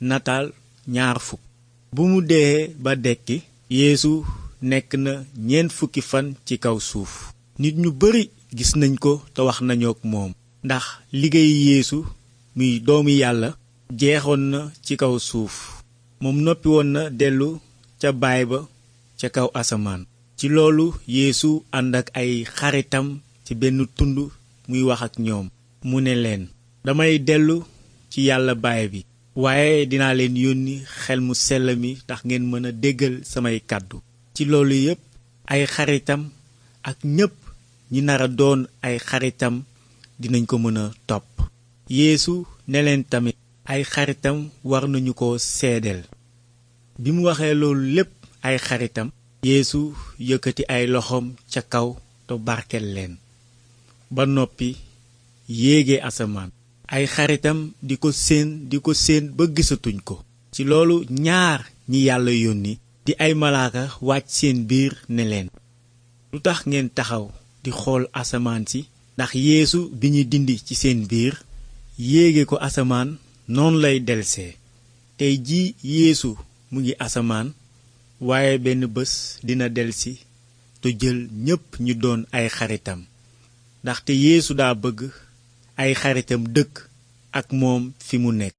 nataal ñaar mu dee ba dekki yéesu nekk na ñeent fukki fan ci kaw suuf nit ñu bari gis nañ ko te wax nañu ak moom ndax liggéey yéesu muy doomi yàlla jeexoon na ci kaw suuf moom noppi woon na dellu ca baay ba ca kaw asamaan ci loolu yéesu ànd ak ay xaritam ci benn tund muy wax ak ñoom mu ne leen damay dellu ci yàlla baay bi waaye dinaa leen yónni xel mu sell mi ndax ngeen mën a déggal samay kàddu ci loolu yépp ay xaritam ak ñépp ñi nar a doon ay xaritam dinañ ko mën a topp yéesu ne leen tamit ay xaritam war nañu ko seedeel bi mu waxee loolu lépp ay xaritam yéesu yëkkati ay loxoom ca kaw te barkel leen ba noppi yéege asamaan ay xaritam di ko séen di ko séen ba gisatuñ ko ci loolu ñaar ñi yàlla yónni di ay malaaka wàcc seen biir ne leen lu tax ngeen taxaw di xool asamaan si ndax yéesu bi ñu dindi ci seen biir yéege ko asamaan noonu lay delsee tey ji yéesu mu ngi asamaan waaye benn bés dina delsi te jël ñépp ñu doon ay xaritam ndaxte yeesu daa bëgg ay xaritam dëkk ak moom fi mu nekk